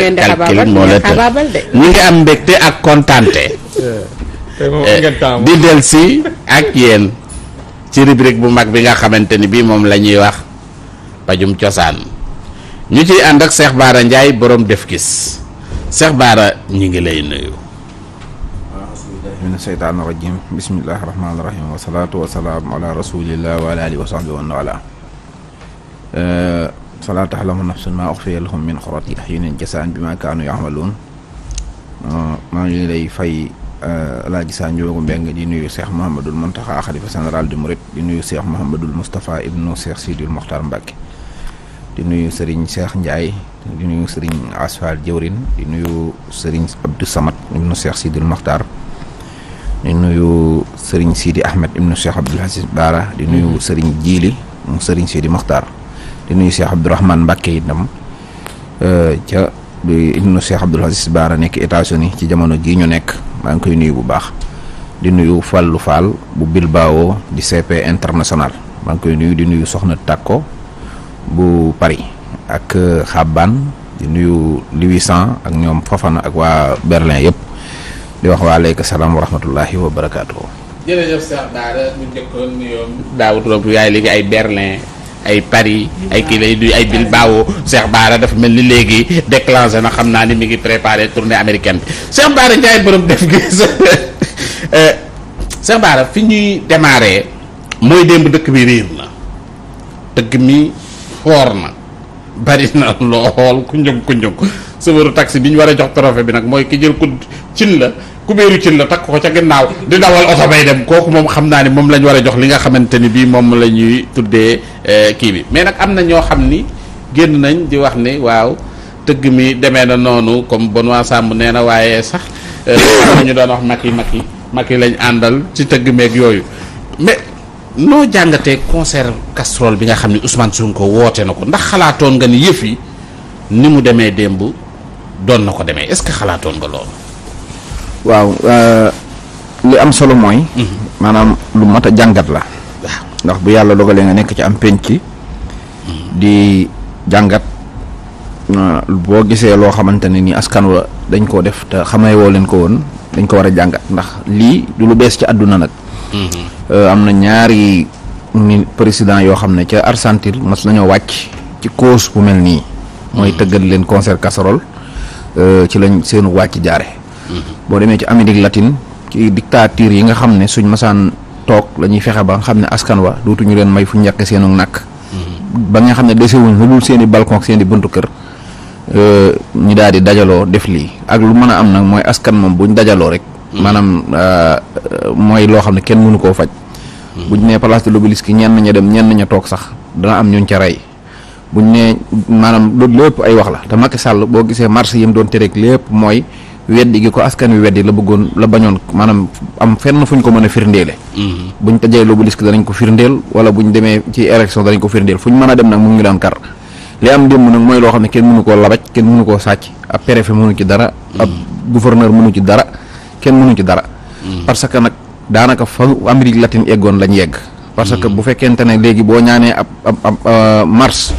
calcul moo la të ñu ngi am mbégte ak kontaante eh, eh, di del ak yéen ci rubrique bu mag bi nga xamante ni bii moom la ñuy wax pajum cosaan ñu ciy ànd ak Cheikh Bara Ndiaye borom def gis Cheikh Bara ñu ngi lay nuyu mina sheytaani rajim bismillahi rahmaani rahim wasalaatu wasalaam ala rasulillah wa ala alihi wa sahbihi wa ala falaa taxlamu nafsun maa uxfiya lahum min xurati ahyunin jasaan bi ma kaanu yaxmaluun maa ngi lay fay Alaaji Saa Njoogu Mbeng di nuyu Cheikh Mouhamadul Muntaxa xalifa général de Mouride di nuyu seex Mouhamadul Moustapha ibnu Cheikh Sidil Mokhtar Mbacke di nuyu Serigne Cheikh Ndiaye di nuyu Serigne Asfal Jëwrin di nuyu Serigne Abdou Samad ibnu Cheikh Sidil Mokhtar di nuyu Serigne Sidi Ahmed ibnu Cheikh Abdoul Aziz Bara di nuyu Serigne Jiili mu Serigne Sidi di nuyu Cheikh Abdourahmane Mbacke itam euh, ca ibnu Cheikh Abdoul Aziz nekk États-Unis ci jamono jii ñu nekk maa ngi koy nuyu bu baax di nuyu Fallou Fall bu Bilbao di CP international maa ngi koy nuyu di nuyu Soxna Takko bu Paris ak euh, Xabaan di nuyu Liwisan ak ñoom Fofana ak waa Berlin yëpp di wax waa aleyka salaam wa rahmatullahi wa barakaatu. yaay léegi ay Berlin. ay Paris ay kii lay luy ay Bilbao Cheikh baara dafa mel ni léegi déclenché na xam naa ni mi ngi préparé tournée américaine bi Cheikh Bara Ndiaye borom def gi eh, Cheikh Bara fi ñuy démarré mooy démb dëkk bi riir na dëkk mi foor na bari na lool ku njëg ku njëg sëfaru taxi bi ñu war a jox trophée bi nag mooy ki jël ku cin la kubéeru cin la ko ca gannaaw di dawal oto dem kooku moom xam naa ne moom la war a jox li nga xamante ni bii moom la ñuy tuddee eh, kii bi mais nag am na ñoo xam ni génn nañ di wax ni waaw tëgg mi demee na noonu comme Benoît sàmm nee na waaye sax eh, ñu doon wax mag yi mag yi mag yi lañ àndal ci tëgg meeg yooyu mais noo jàngatee concert casserole bi nga xam ni Ousmane ko woote na ko ndax xalaatoon nga ni yëf yi ni mu demee démb doon na ko demee est-ce que xalaatoon nga loolu. waaw euh, li am solo mooy. Mhm. maanaam lu mat a jàngat la. ndax bu yàlla dogalee nga nekk ci am pénc mhm. di jàngat. boo gisee loo xamante ne ni askan wa dañ koo def te xamee woo leen ko woon dañ ko war a jàngat ndax lii du lu bees ci àdduna nag. Mhm. Euh, am na ñaari mi président yoo xam ne ca Argentine mas nañoo wàcc ci cause bu mel nii. mooy tëggal leen concert casserole euh, ci lañ seenu wàcc jaare boo demee ci Amérique latine ci dictature yi nga xam ne suñ masaan toog la ñuy fexe ba nga xam ne askan wa dootuñu leen may fu ñàkk seenu nakk mm-hmm. ba nga xam ne desewuñ lu dul seen i balcon ak buntu kër euh, ñu daal di dajaloo def lii ak lu mën a am nag mooy askan moom buñ dajaloo rek mm-hmm. maanaam euh, mooy loo xam ne kenn mënu koo faj mm-hmm. buñ nee place de l'obélisque ñenn ña dem ñenn ña toog sax dana am ñuñ ca rey buñ ne maanaam loolu lépp ay wax la dama Macky Sall boo gisee marché yi mu doon tere lépp mooy weddi gi ko askan wi weddi la bëggoon la bañoon maanaam am fenn fuñ ko mën a firndeele mhm. buñ tajee l'obélisque danañ ko firndeel wala buñ demee ci élection danañ ko firndeel fuñ mën a dem nag mu ngi daan kar li am démb nag mooy loo xam ne kenn mënu koo labaj kenn mënu koo sàcc ab préfet mënu ci dara mhm. ab gouverneur mënu ci dara kenn mënu ci dara mhm. parce que nag daanaka fa Amérique latine eggoon lañ yegg parce que bu fekkente ne léegi boo ñaanee ab ab ab euh, mars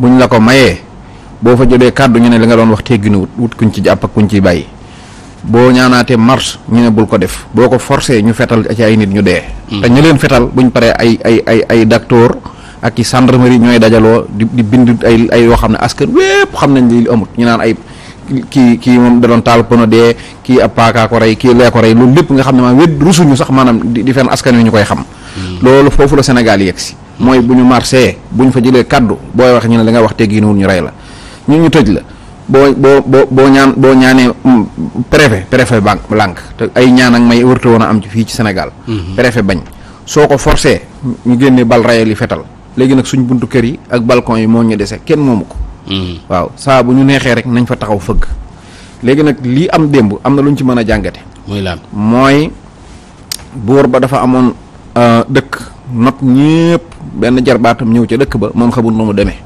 buñ la ko mayee boo fa jotee kàddu ñu ne li nga doon wax teggi na wut kuñ ci jàpp kuñ ciy bàyyi boo ñaanaatee marche ñu ne bul ko def boo ko forcé ñu fetal ci ay nit ñu dee mm-hmm. te ñu leen fetal buñ paree ay ay ay ay docteur ak ci gendarmerie ñooy dajaloo di bind ay ay yoo xam ne askan wépp xam nañ li amut ñu naan ay kii kii moom da doon taal pono dee kii ab paakaa ko rey kii lee ko rey loolu lépp nga xam ne maanaam wét rusuñu sax maanaam di fenn askan wi ñu koy xam mm-hmm. loolu foofu la Sénégal yegg si mm-hmm. mooy bu ñu marché bu ñu fa jëlee kàddu booy wax ñu ne li ngay wax teggiinuwul ñu rey la ñu ñu tëj la boo boo boo boo ñaan boo ñaanee mm, préfet préfet banque lànk te ay ñaan ak may wërta woon a am ci fii ci senegal mhm. préfet bañ soo ko forcé ñu génnee bal rayal yi fetal léegi nag suñ buntu kër yi ak balcon yi moo ñu dese kenn moomu ko. Mhm. waaw saa bu ñu neexee rek nañ fa taxaw fëgg. léegi nag lii am démb am na lu ñu ci mën a jàngate. mooy lan mooy buur ba dafa amoon euh, dëkk not ñépp benn jarbaatam ñëw ca dëkk ba moom xamul nu mu demee.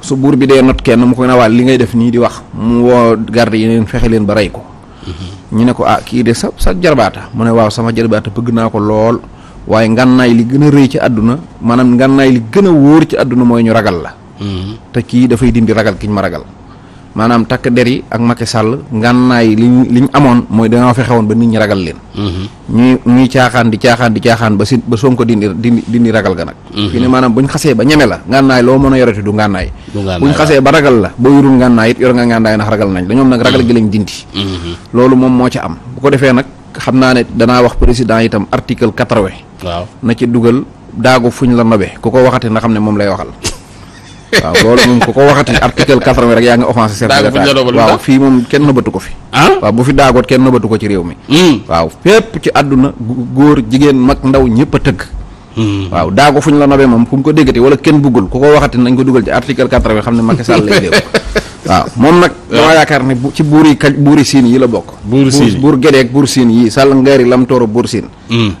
su buur bi dee not kenn mu ko nawaal li ngay def nii di wax mu woo garde yi neen fexe leen ba rey ko ñu ne ko ah kii de sa sa jarbaata mu ne waaw sama jarbaata bëgg naa ko lool waaye ngànnaay li gën a rëy ci àdduna maanaam ngànnaay li gën a wóor ci àdduna mooy ñu ragal la mm-hmm. te kii dafay dindi ragal ki ma ragal maanaam takk der yi ak Macky Sall ngànnaay li ñu li ñu amoon mooy dañoo fexe woon ba nit ñi ragal leen. Mhm. ñuy ñuy caaxaan di caaxaan di caaxaan ba si ba Sonko dindi dindi dindi ragal ga nag. Mhm. fi ne maanaam bu ñu xasee ba ñeme la ngànnaay loo mën a yorati du du ngànnaay bu xasee ba ragal la boo yorul ngànnaay it yor nga ngànnaay ndax ragal nañ la ñoom nag ragal gi lañ dindi. Mhm. loolu moom moo ci am bu ko defee nag xam naa ne danaa wax président itam article quatre-vingt. waaw na ci dugal daagu fuñ la nobee ku ko waxati nga xam ne moom lay waxal waaw loolu moom ku ko waxati article quatre-vingt rek yaa ngi offensé chef waaw fii moom kenn nëbbatu ko fi ah? waaw bu fi daagoot kenn nëbbatu ko ci réew mi hmm. waaw fépp ci àdduna góor jigéen mag ndaw ñëpp a tëgg hmm. waaw daago fu ñu la nobee moom fu mu ko déggati wala kenn buggul ku ko waxati nañ ko dugal ci article quatre-vingt xam ne Macky Sall lay dégg waaw moom nag. dama yaakaar ne bu ci buur yi kañ buur yi siin yi la bokk. buur siin buur Gédéeg buur siin yii Sall Ngari Lam mm. Tooro buur siin.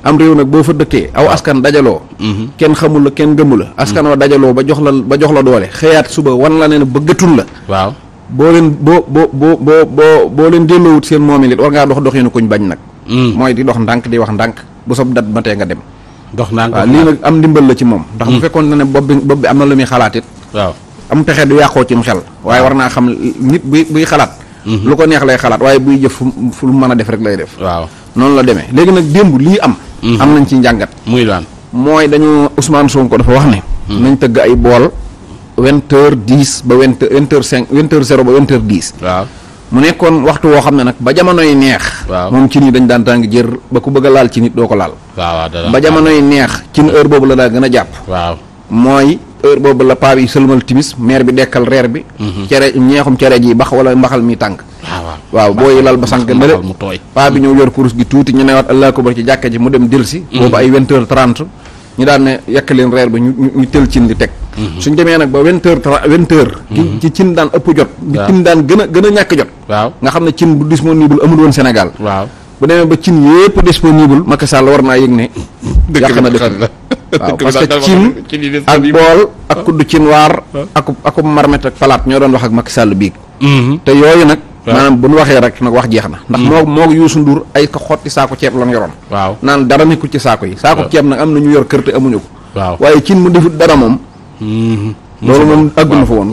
am réew nag boo fa dëkkee aw askan dajaloo. Mm-hmm. kenn xamul la kenn gëmu la. askan wa mm-hmm. dajaloo ba jox la ba jox la doole xëyaat suba wan la ne bëggatul la. waaw boo leen boo boo boo boo boo leen delloowut seen moomi lit war ngaa dox doxinu kuñ bañ nag. Mm. mooy di dox ndànk di wax ndànk bu sob dat ba tee nga dem. dox ndànk waaw lii nag am ndimbal la ci moom. ndax bu mm. fekkoon ne bopp bi bopp bi am na lu muy xalaat it am pexe du yàqoo cim xel waaye war naa xam nit buy buy xalaat. Mhm. lu ko neex lay xalaat waaye buy jëf fu lu mën a def rek lay def. waaw noonu la demee léegi nag démb lii am. Mhm. am nañ ci njàngat. muy daan mooy dañu Ousmane Sonko dafa wax ne. Mhm. nañ tëgg ay bool. vingt heures ba vingt vingt heures cinq vingt heures zéro ba mu nekkoon waxtu woo xam ne nag ba jamonoy neex. waaw moom ci nii dañ daan tàng jër ba ku bëgg laal ci nit doo ko laal. waaw ba jamonoy neex. ci heure boobu la daa gën a jàpp. waaw mooy. heure boobu la paa bi sëlmal timis maire bi dekkal reer bi. Mhm. cere ñeexum cere ji bax wala mbaxal mi tàng. Ah, waaw booy lal ba sànq na mu tooy paa bi ñëw yor kurus gi tuuti ñu newaat allah kubar ci jàkka ji mu dem delsi mhm. boobu ay vingt heures trente ñu daan ne yekk leen reer ba ñu ñu tël cin li teg mhm. suñ demee nag ba vingt heures trente vingt heures ci cin daan ëpp jot cin daan gën a gën a ñàkk jot waaw nga xam ne cin bu dismo nii bul amul woon Sénégal waaw bu demee ba cin yëpp disponible Macky Sall war naa yëg ne. yàq na dëkk waaw parce que cin ak bool ak kuddu ah. cin waar. Ah. ak ak marmet ak falaat ñoo doon wax ak Macky sàll biig mm-hmm. te yooyu nag. maanaam bu ñu waxee rek nag wax jeex na. ndax moo mm-hmm. moo yuusu Ndour ay ko xotti saako ceeb lan yoroon. waaw naan dara nekkul ci saako yi. saako ceeb nag am na ñu yor kër te amuñu ko. waaye cin mu defut dara moom. Mm-hmm. loolu moom àgguñu fa woon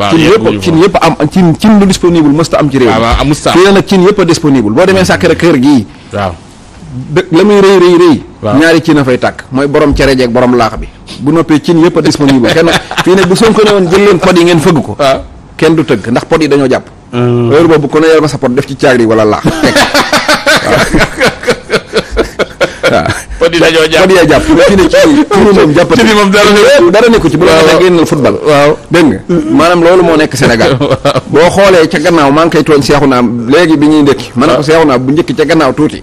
cin yëpp cin am cin cin lu disponible mësta am ci réew ah, fii na nag cin yëpp a disponible boo demee sàkkara kër gii waaw la muy rëy rëy rëy ñaari cin a fay tàkk mooy borom cere jeeg borom laax bi bu noppee cin yëpp a disponible kenn fii nag bu Sonko ne woon jël leen pod yi ngeen fëgg ko ah. kenn du tëgg ndax pod yi dañoo jàpp ah. heure boobu ko a yor ma sa pod def ci caagri wala laax waaw di dañoo jàpp body yaa jàpp mais fii ne ci fii moom jàppati ci moom dara nekku ci bu la waxee génnal football waaw dégg nga maanaam loolu moo nekk Sénégal boo xoolee ca gannaaw maa ngi tooñ seexu naa léegi bi ñuy ndékki ma ne ko seexu naa bu njëkk ca gannaaw tuuti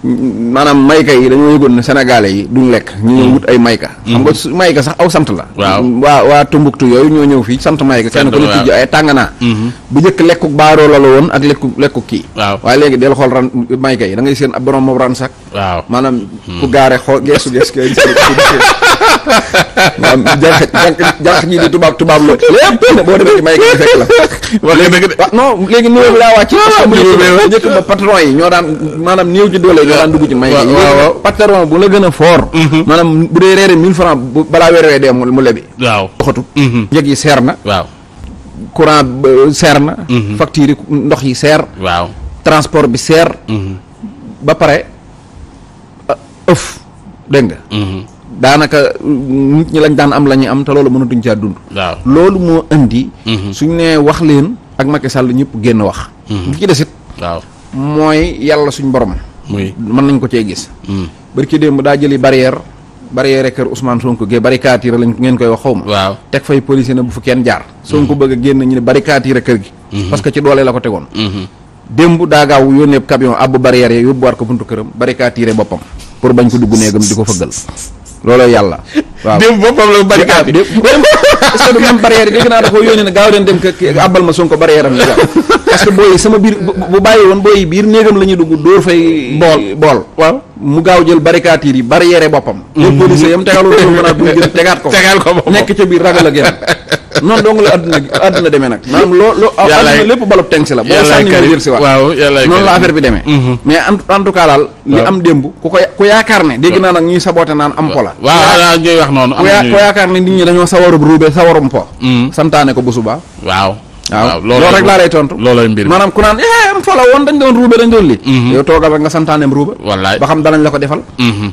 maanaam mayka yi dañoo yëgoon ne sénégalais yi duñ lekk ñu ñëw hmm. wut ay mayka xam nga hmm. mayka sax aw sant la waa waa Tombouctou yooyu ñoo ñëw fii sant mayka kenn ku ne tijj ay tànganaa hmm. bu njëkk lekku baaroo la la woon ak lekku lekku kii waaye léegi del xool ran mayka yi da ngay seen ab borom moom ran sax waaw maanaam ku gaare xool geesu gees kay maanaam jànq jànq ñi di tubaab tubaab loolu lépp boo demee ci mayka yi fekk la waaw non léegi nuyoo bi laa wàcc parce que bu njëkk ba patron yi ñoo daan maanaam néew nga daan dugg ci may waaw patron bu la gën a fort mhm. maanaam bu dee ndox yi seer waaw transport bi seer mhm. pare euh, ëf mhm. daanaka mm, nit ñi lañ daan am la ñuy am te loolu mënatuñ caa dund waaw loolu moo indi suñ nee wax leen ak Macky Sall ñëpp génn wax li ci desit waaw mooy yàlla suñ borom muy mën nañ ko cee gis. Hmm. barki démb daa jëli barrière barrière kër Ousmane Sonko gee barricatire lañ ngeen koy wax xaw ma. teg fay policier na bu fu kenn jaar. Hmm. Sonko bëgg a génn ñu ne barricatire kër gi. Hmm. parce ci doole la ko tegoon. démb daa gaaw yónnee camion abbu barrière yi yóbbuwaat ko buntu këram barricatire boppam pour bañ ko dugg néegam di ko fëggal looloo yàlla. waaw démb boppam la ah, barricatire est-ce que du même barrière yi dégg naa da koo yónnee gaaw leen dem àbbal ma Sonko barrière am la parce booy sama biir bu bàyyi woon booy biir néegam la ñuy dugg dóor fay. bool bool waaw. mu gaaw jël barricatures yi barrière boppam. Mm-hmm. les policiers yam tegalul doon mën a jël tegaat ko. tegaat ko nekk ca biir ragal a génn. noonu dong la àdduna àdduna demee nag maanaam loo loo àdduna lépp balub teng si la boo sànni mu jël si waat noonu la affaire bi demee mm-hmm. mais en tout am démb ku ko yaakaar ne dégg naa nag ñuy saboté naan am po la waaw ñuy wax noonu ku yaakaar ne nit mm-hmm. ko bu suba waaw waaw loolu rek laa lay tontu loolay eh, mm-hmm. yow toogal nga santaaneem ruube ba xam danañ la ko defal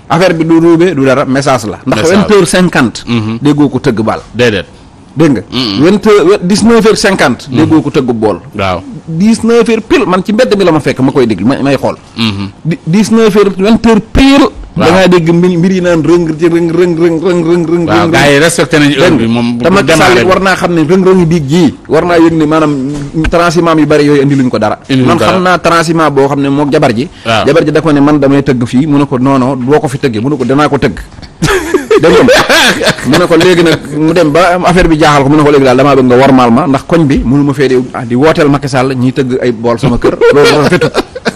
affaire bi du ruube du dara message la ndax vingt heures cinquante déggoo ko tëgg baal déedéet dégg nga. vingt heures dix neuf heures cinquante. déggoo ko tëggu bool. waaw dix neuf heures pile man ci mbedd mi la ma fekk ma koy dégg ma may xool. Mm-hmm. di dix neuf heures vingt heures pile. waaw da yi naan rëng rëng rëng rëng rëng rëng. waaw gars yi respecté nañu heure bi war naa xam ne rëng-rëng biig jii. war naa yëg ne maanaam transiment yu bëri yooyu indi luñ ko dara. man xam naa transiment boo xam ne moo jabar ji. jabar ji da ko ne man damay tëgg fii mu ne ko non boo ko fi tëggee mu ne ko danaa ko tëgg. dégg mu ne ko léegi nag mu dem ba am affaire bi jaaxal ko mu ne ko léegi daal damaa bëgg nga wormaal ma ndax koñ bi mënu ma fee di ah, wooteel Macky Sall ñiy tëgg ay bool sama kër loolu fetu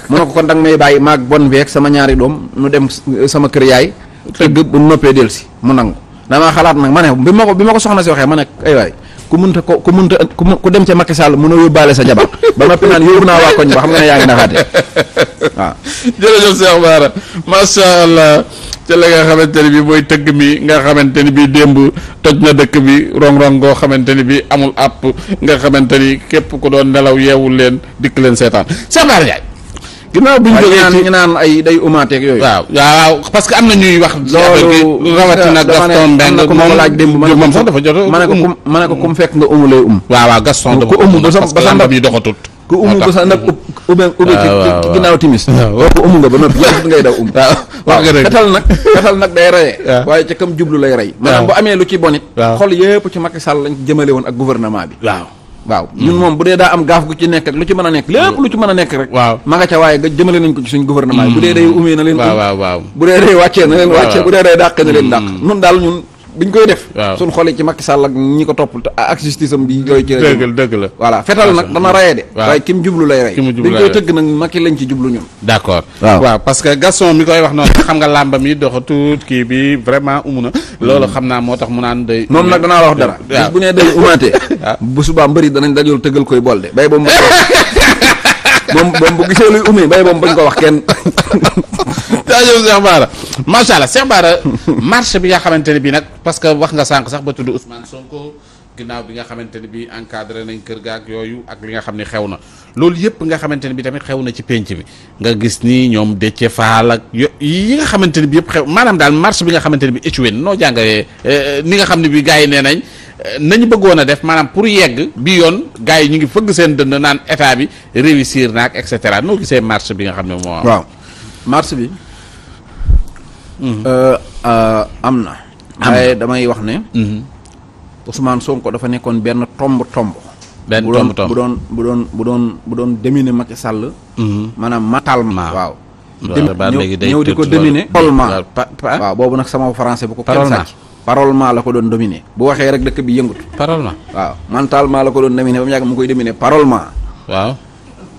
mu ne ko kon danga may bàyyi maa bon beeg sama ñaari doom nu dem eh, sama kër yaay tëgg bu noppee dellusi mu nangu damaa xalaat nag ma ne bi ma ko bi ma ko soxna si waxee ma ne ay waay ku mënta ko ku mënta ku dem ca Macky mu mënoo yóbbaale sa jabar ba noppi naan yóbbu naa waa koñ ba xam nga ne yaa ngi naxaate waaw. jërëjëf Cheikh Bara macha allah ca nga xamante ni bii mooy tëgg mi nga xamante ni bii démb toj na dëkk bi rong-rong goo xamante ni bii amul àpp nga xamante ni képp ku doon nelaw yeewul leen dikk leen seetaan Cheikh ginnaaw bi ñu jógee ci naan ay day umaateeg yooyu. waaw parce que am na ñuy wax. loolu rawatina Gaston Mbengue moom laaj démb moom sax dafa jot ma ne ko um. kum ma ne ko kum fekk nga umu lay um. waaw waaw Gaston dafa ko um parce que làmbam yi doxatut. ku umu ba sax nag ube ube nga ba noppi yéen ngay daw um. waaw wax nga dëgg nag katal nag day reye. waaye ca kam jublu lay rey. waaw maanaam bu amee lu ci bonit. waaw xol yëpp ci Macky Sall lañ jëmale woon ak gouvernement bi. waaw. waaw mm. ñun moom bu dee daa am gaaf gu ci nekk ak lu ci mën a nekk mm. lépp lu ci mën a nekk rek waaw ma nga ca waaye ga jëmale nañ ko ci suñ gouvernement yi mm. bu dee day umee na leen um. waaw waaw bu dee day wàccee na leen wàccee bu dee day dàqee na leen dàq ñun daal ñun ñu koy def. waaw suñ xoolee ci Macky Sall ak ñi ko topp ak justice bi dëgg dëgg la voilà fetal nag dana rayee de. waaw waaye ki mu jublu lay rey. ki mu koy tëgg nag Macky lañ ci jublu ñun. d' accord waaw parce que Gaston mi koy wax noonu xam nga làmbam yi doxatut kii bi vraiment umu na. loolu hmm. xam naa moo tax mu naan day. moom nag danaa la wax dara. bis bu nee day umaatee. Ah. bu subaa mbëri danañ dajul tëggal koy bool de bay ba mu moom moom bu gisee bay moom bañ ko wax kenn. jaajëf Cheikh Bara macha allah Cheikh Bara marche bi nga xamante ne bii nag parce que wax nga sànq sax ba tudd Ousmane Sonko. ginnaaw bi nga xamante ne bi encadré nañ kër gaak yooyu ak li nga xam ne xew na loolu yëpp nga xamante ne bi tamit xew na ci penc bi nga gis ni ñoom Déthié Fall ak yi nga xamante ne bi yëpp xew maanaam daal marche bi nga xamante ne bi échoué noo jàngalee eh, ni nga xam ne bi gaa yi nee nañ eh, nañu bëggoon a def maanaam pour yegg bi yoon gaa yi ñu ngi fëgg seen dënd naan état bi réussir naak et cetera noo gisee marche bi nga xam ne moo waaw marche bi hmm. euh, euh, am na waaye damay Ousmane Sonko dafa nekkoon benn tomb tomb. benn tomb tomb bu doon bu doon bu doon bu doon dominer Macky Sall. Mhm. maanaam mentalement waaw. ñëw di ko dominer parolement ah? waaw boobu nag sama français bu ko kenn sàcc parolement la ko doon dominer bu waxee rek dëkk bi yëngut parolement waaw mentalement la ko doon dominer ba mu yàgg mu koy dominer parolement waaw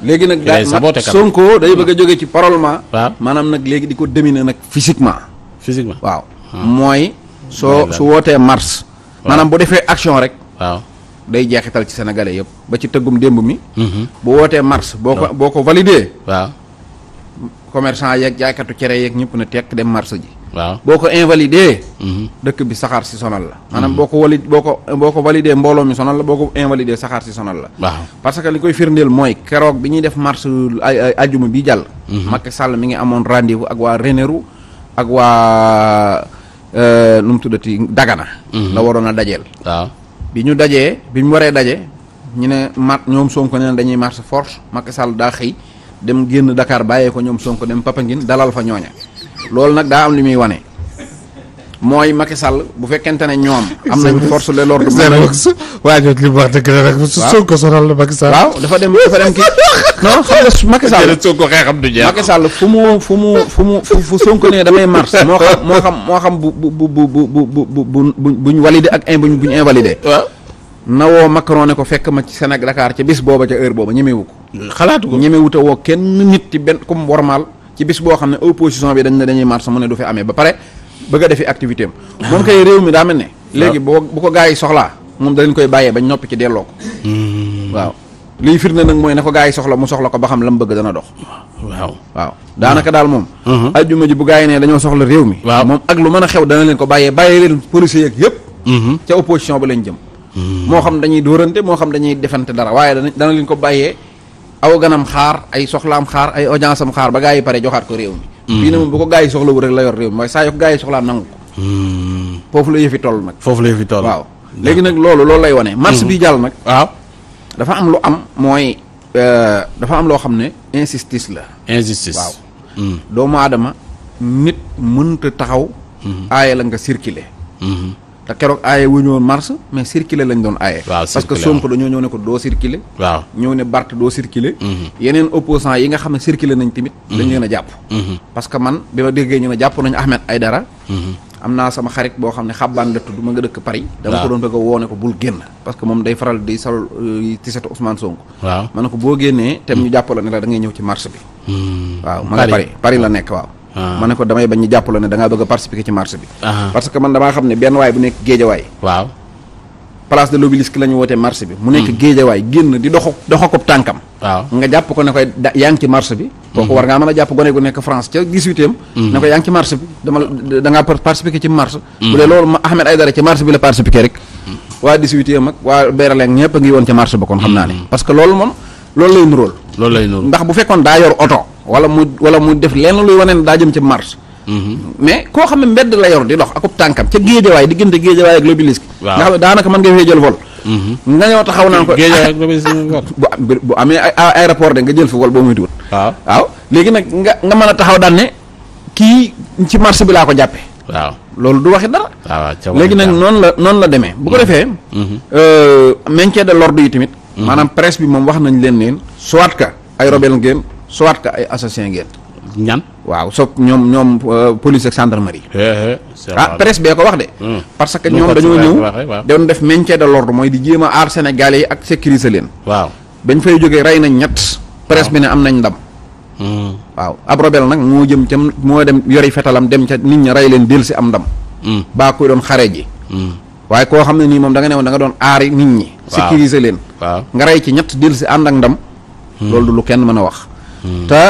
léegi nag daal Sonko day bëgg a jógee ci parolement waaw maanaam nag léegi di ko dominer nag physiquement physiquement waaw ah. mooy soo su wootee mars maanaam bu defee action rek. waaw day jeexital ci sénégalais yëpp ba ci tëggum démb mi. Mm-hmm. bu wootee mars boo ko boo ko validé. waaw yeeg jaaykatu cere yeeg ñëpp na tekk dem mars ji. waaw boo ko invalidé. Mm-hmm. dëkk bi saxaar si sonal la. maanaam mm-hmm. boo ko wali boo ko boo ko validé mbooloo mi sonal la boo ko invalidé saxaar si sonal la. waaw parce que li koy firndeel mooy keroog bi ñuy def mars ay ajjuma bi jàll. Macky Sall mi ngi amoon rendez-vous ak waa Ranérou ak waa. Euh, nu mu tuddati dagana. Mhm. la waroon a dajeel. waaw bi ñu dajee bi ñu waree daje ñu ne mat ñoom Sonko ne dañuy marche force Macky Sall daa xëy dem génn dakaar bàyyee ko ñoom Sonko dem Papangin dalal fa ñooña loolu nag daa am li muy wane. mooy Macky Sall bu fekkente ne ñoom. am nañu force de l'ordre. waaw ñoom li mu wax rek. waaw Sonko sonal la Macky Sall. dafa dem dafa dem kii non xam nga Macky Sall. du jeex. Macky Sall fu mu fu mu fu mu fu Sonko ne damay mars moo xam moo xam moo xam bu bu bu bu bu bu bu bu buñ validé ak in buñ buñ invalidé. waaw nawoo Macron ne ko fekk ma ci Sénégal Dakar ci bis booba ca heure booba ñemewu ko. xalaatu ko ñemewu te woo kenn nit ci benn comme wormaal ci bis boo xam ne opposition bi dañ dañuy mars mu ne du fi amee ba pare bëgg a defi activité am. moom kay réew mi daa mel ne. léegi boo bu ko gaa yi soxlaa moom dañ koy bàyyee bañ noppi ci delloo ko. Hmm. waaw liy firnde nag mooy na ko gaa yi soxla mu soxla ko ba xam la mu bëgg dana dox. waaw waaw daanaka daal moom. Uh-huh. ajjuma ji bu gaa yi nee dañoo soxla réew mi. waaw moom ak lu mën a xew dana leen ko bàyyee bàyyee leen policiers yeeg yëpp. Uh-huh. ca opposition ba leen jëm. Hmm. moo xam dañuy dóorante moo xam dañuy defante dara waaye dana dana leen ko bàyyee aw ganam xaar ay soxlaam xaar ay audience am xaar ba gaa yi pare joxaat ko réew mi Mm-hmm. fii ne moom bu ko gaa yi soxlawu rek la yor réew mooy saa yu ko gaa yi soxlaa nangu ko mm-hmm. foofu la yëfi toll nag foofu la yëfi toll waaw léegi nag loolu loolu lay wane mars mm-hmm. bi jàll nag waaw dafa am lu am mooy euh, dafa am loo xam ne injustice la injustice waaw mm. doomu aadama nit mënta taxaw aaya la nga circuler te keroog aaye wu ñu woon mars mais circuler lañ doon aaye. waaw parce que Sonko dañoo ñëw ne ko doo circuler. waaw ñëw ne Barth doo circuler. Mhm. yeneen opposant yi nga xam ne circuler nañ tamit. Mhm. dañ leen a jàpp. Mhm. parce que man bi ma déggee ñu ne jàpp nañu ay Aïdara. am naa sama xarit boo xam ne xabbaan la tudd ma nga dëkk Paris. dama ko doon bëgg woone ko bul génn. parce que moom day faral di sol euh, tisetu Ousmane Sonko. waaw ma ne ko boo génnee. tem ñu jàpp la ne la da ngay ñëw ci marché bi. ma nga Paris Paris la nekk waaw. Ah. ma ne ko damay bañ ñu jàpp la ne da bëgg a participer ci marche bi ah. parce que man damaa xam ne benn waay bu nekk géejawaay waaw place de l'obélisque la ñu wootee marche bi mu nekk hmm. géejawaay génn di doxo doxakub tànkam waaw nga jàpp ko ne koy yaa ci marche bi hmm. kooku war ngaa mën a jàpp gone gu nekk France ca 18eem hmm. ne ko yaa ngi ci marche bi dama da ngaa participer ci marche bu dee loolu Ahmed Aïdara ci marche bi la participer rek waa 18 ak waa Beraleng a ngi woon parce que loolu moom loolu lay nuróol loolu lay bu fekkoon daa yor oto wala mu wala mu def lenn luy wane ne daa jëm ci marche. Mhm. mais koo xam ne mbedd la yor di dox akub tànkam ca géejawaay diggante géejawaay ak l'obélisque. waaw nga xam ne daanaka mën nga fee jël vol. Mhm. nga ñëw taxaw naan ko géejawaay ak l'obélisque bu bu amee aéroport de nga jël fi vol boo moytuwul. waaw waaw léegi nag nga nga mën a taxaw daan ne kii ci marché bi laa ko jàppee. waaw loolu du waxi dara. waaw léegi nag noonu la noonu la demee. bu ko mhm. defee. Euh, maintien de l'ordre yi tamit. maanaam presse bi moom wax nañ leen ne soit que ay rebelle soit que ay assassin ngeen. ñan waaw so ñoom ñoom euh, police ak gendarmerie. ah presse bee ko wax de. Hmm. parce que ñoom dañoo ñëw doon def maintien de l'ordre mooy di jéem a aar Sénégalais yi ak sécuriser leen. waaw bañ fay jógee rey nañ ñett. presse bi ne am nañ ndam. Hmm. waaw ab rebelle nag moo jëm ca moo dem yori fetalam dem ca nit ña rey leen del si am ndam. Hmm. baa koy doon xare ji. waaye koo xam ne nii moom da nga ne da nga doon aari nit ñi. sécuriser leen. nga rey ci ñett del si ànd ak ndam. loolu du lu kenn mën a wax. te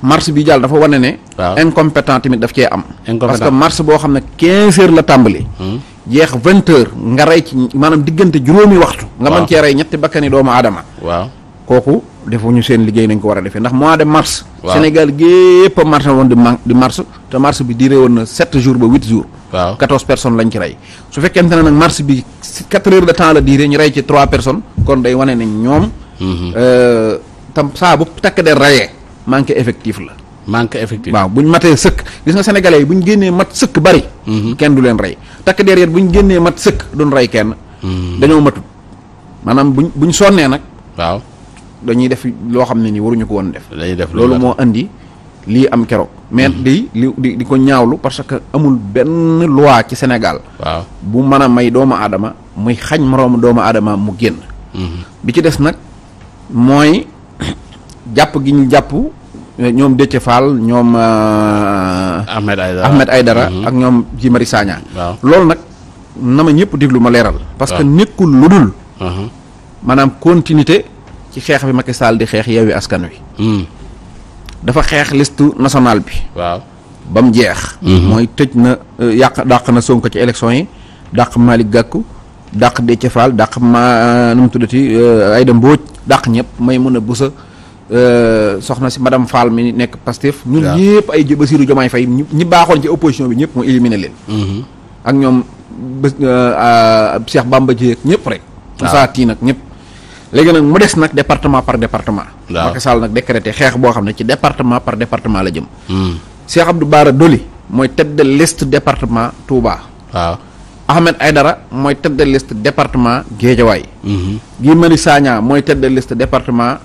marche bi jàll dafa wane ne. incompétent tamit daf cee am. parce que marche boo xam ne 15 heures la tàmbali. Hmm. jeex 20 heures nga rey ci maanaam diggante juróomi waxtu. nga man cee rey ñetti bakkani doomu aadama. waaw kooku defuñu seen liggéey nañ ko war a defee ndax mois de mars. Sénégal gépp a marché woon di di marche te marche bi duré woon na 7 jours ba 8 jours. waaw personnes lañ ci rey su fekkente ne nag marche bi 4 heures de temps la duré ñu rey ci 3 personnes kon day wane ne ñoom. Hmm. Euh, tam saa bu takk der rayee manque effectif la manque effectif waaw buñ matee sëkk gis nga sénégalais yi buñ génnee mat sëkk bari mhm. kenn du leen rey takk der bu ñu génnee mat sëkk duñ rey kenn mhm. dañoo matut maanaam buñ buñ sonnee nag waaw dañuy def loo xam ne ni waruñu ko woon def dañuy def loolu moo indi lii am keroog mais mhm. di li di di ko ñaawlu parce que amul benn luwaa ci Sénégal waaw bu mën a may doomu aadama muy xañ moroomu doomu aadama mu génn bi ci des nag mooy jàpp gi ñu jàpp ñoom Déthié Fall ñoom. Euh, Ahmed Aïdara Ahmed Aïdara mhm. ak ñoom Guy Marius Sagna. waaw loolu nag nama ma ñëpp déglu ma leeral. parce que nekkul lu dul. Mhm. maanaam continuité ci xeex bi Macky Sall di xeex Yewwi Askan Wi. Mhm. dafa xeex liste nationale bi. waaw ba mu jeex. mooy tëj na euh, yàq dàq na Sonko ci élection yi dàq Malick Gakou dàq Déthié Fall dàq ma euh, nu mu tuddati Aïda Mbodj. dàq ñëpp may mun a busa euh, soxna si madame Fall mi nekk Pastef ñun ñëpp ay Bassirou Diomaye Faye ñi baaxoon ci opposition bi ñëpp mu éliminé leen mm-hmm. ak ñoom euh, euh, Cheikh Bamba Dièye ak ñëpp rek Moussa Tine ak ñëpp léegi nag mu des nag département par département Macky Sall nag décrété xeex boo xam ne ci département par département la jëm mm. Cheikh Abdou Bara Dolly mooy tête de liste département Touba Ahmed Aydara mooy tête de liste département Guédiawaye. Mhm. Guy Marius Sagna mooy tête de liste département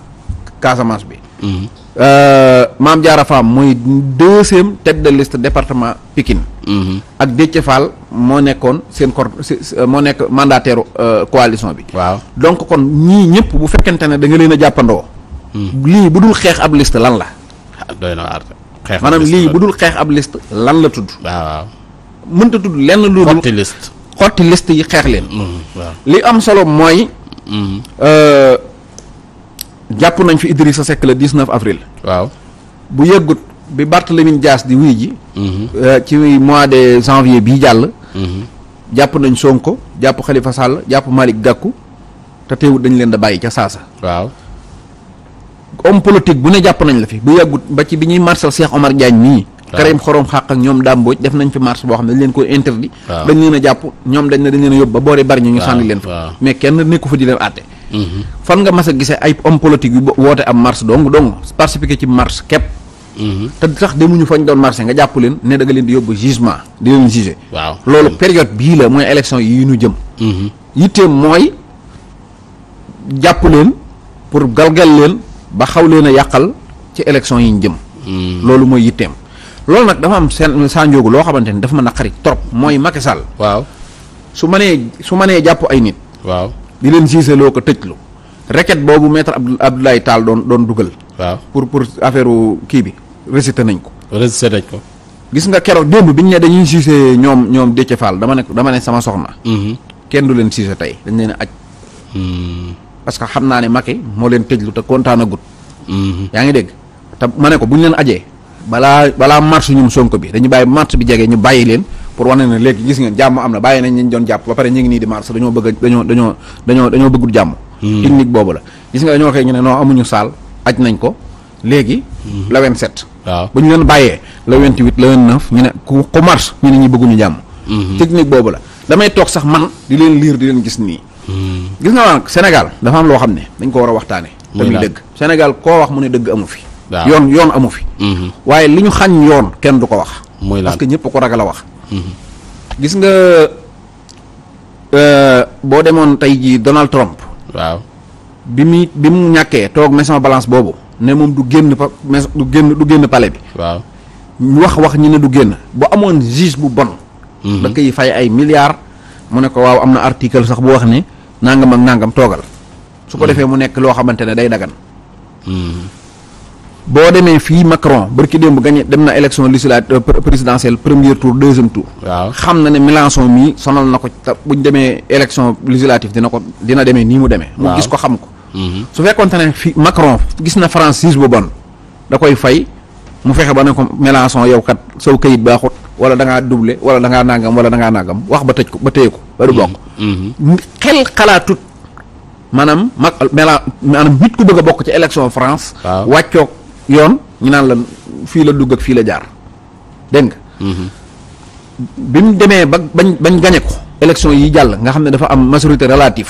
Casamance bi. Mhm. Euh, Mame Diarra Fam mooy deuxième tête de liste département Pikine. Mhm. ak Déthié Fall moo nekkoon seen cor moo nekk mandataire euh, coalition bi. waaw donc kon ñii ñëpp bu fekkente ne da nga leen a jàppandoo. lii bu dul xeex ab liste lan la. Ah, doy xeex maanaam lii bu dul xeex ab liste lan la tudd. mënta tudd lenn lu xotti liste yi xeex leen. Mm, li am solo mooy. Mm. Euh, jàpp nañ fi Idrissa Seck le 19 avril. waaw bu yëggut bi Barthélémy jaas di wuy ji. Mm-hmm. Euh, ci mois de janvier bi jàll. Mm-hmm. jàpp nañ Sonko jàpp Khalifa Sall jàpp Malick Gakou te teewut dañ leen da bàyyi ca saasa. waaw homme politique bu ne jàpp nañ la fi bu yeggut ba ci bi ñuy marshal Cheikh Omar Diagne mii. Karim Xorom Xàq ak ñoom Dàmbooj def nañ fi marche boo xam ne dañ leen ko interdit dañ leen a jàpp ñoom dañ ne dañ leen a yóbbu ba booree bari ñu ñu sànni leen fa mais kenn nekku fa di leen àtte mhm. fan nga mas a gisee ay homme politique yu woote am marche dong dong participer ci marche képp mhm. te sax demuñu fañ doon marché nga jàpp leen ne danga leen di yóbbu jugement di leen jugé waaw loolu mhm. période bii la mooy élection yi ñu jëm yitteem mooy jàpp leen pour galgal leen ba xaw leen a yàqal ci élection yi ñu jëm loolu mooy yitteem loolu nag dafa am seen saa njóogu loo xamante ni dafa ma naqari trop mooy Macky Sall. waaw su ma nee su ma nee jàpp ay nit. waaw di leen siiseloo ko tëjlu. requête boobu maître Abdoulaye Tall doon doon dugal. pour pour affaire kii bi rejeté nañ ko. rejeté nañ ko. gis nga keroog démb bi ñu ne dañuy siisee ñoom ñoom Déthié Fall dama ne dama ne sama soxna. Mhm. kenn du leen siise tey dañ leen aj mhm. parce que xam naa ne Macky moo leen tëjlu te kontaan agut. Mhm. yaa ngi dégg te ma ne ko bu ñu leen ajee. balaa balaa mars ñum sonko bi dañu bàyyi mars bi jege ñu bàyyi leen pour wane ne léegi gis ngeen jàmm am na bàyyi nañ ñu doon jàpp ba pare ñu ngi nii di mars dañoo bëgg dañoo dañoo dañoo dañoo bëggul jàmm hmm. technique boobu la gis nga dañoo xëy ñu ne non amuñu saal aj nañ ko léegi la 27 ba ñu leen bàyyee la 28 la 29 ñu ne ku ku mars ñu ñu bëgguñu jàmm hmm. technique boobu la damay toog sax man di leen liir di leen gis nii hmm. gis nga waan Sénégal dafa am loo xam ne dañ ko war a waxtaane tamit dëgg Sénégal koo wax mu ne dëgg amu fi yoon yoon amu fi. Mhm. waaye li ñu xañ yoon kenn du ko wax. mooy parce ñëpp ko ragal a wax. Mhm. gis nga euh, boo demoon tey jii Donald Trump. bi muy bi mu ñàkkee toog maison balance boobu ne moom du génn pa du génn du génn pale bi. waaw wax wax ñi ne du génn bu amoon juge bu bon. Mhm. da koy fay ay milliards. mu ne ko waaw am na article sax bu wax ne nangam ak nangam toogal. su ko defee mu nekk loo xamante ne day dagan. boo demee fii Macron barki démb gagné dem na élection législative euh, présidentielle premier tour deuxième tour. waaw xam na ne Mélenchon mii sonal na ko ta bu ñu demee élection législative dina ko dina demee nii mu demee. mu gis ko xam ko. Mhm. su fekkonte ne fii Macron gis na Francis bu bon da koy fay mu fexe ba ne ko Mélenchon yow kat saw kayit baaxut wala da ngaa doublé wala da ngaa wala da ngaa wax ba tëj ko ba téye ko. ba du mhm. bokk. Mhm. xel xalaatut maanaam mag maanaam nit ku bëgg a bokk ci élection France. waaw yoon ñu naan la fii la dugg ak fii la jaar dégg nga. Mhm. bi mu demee ba bañ bañ gañe ko. élection yi jàll nga xam ne dafa am majorité relative.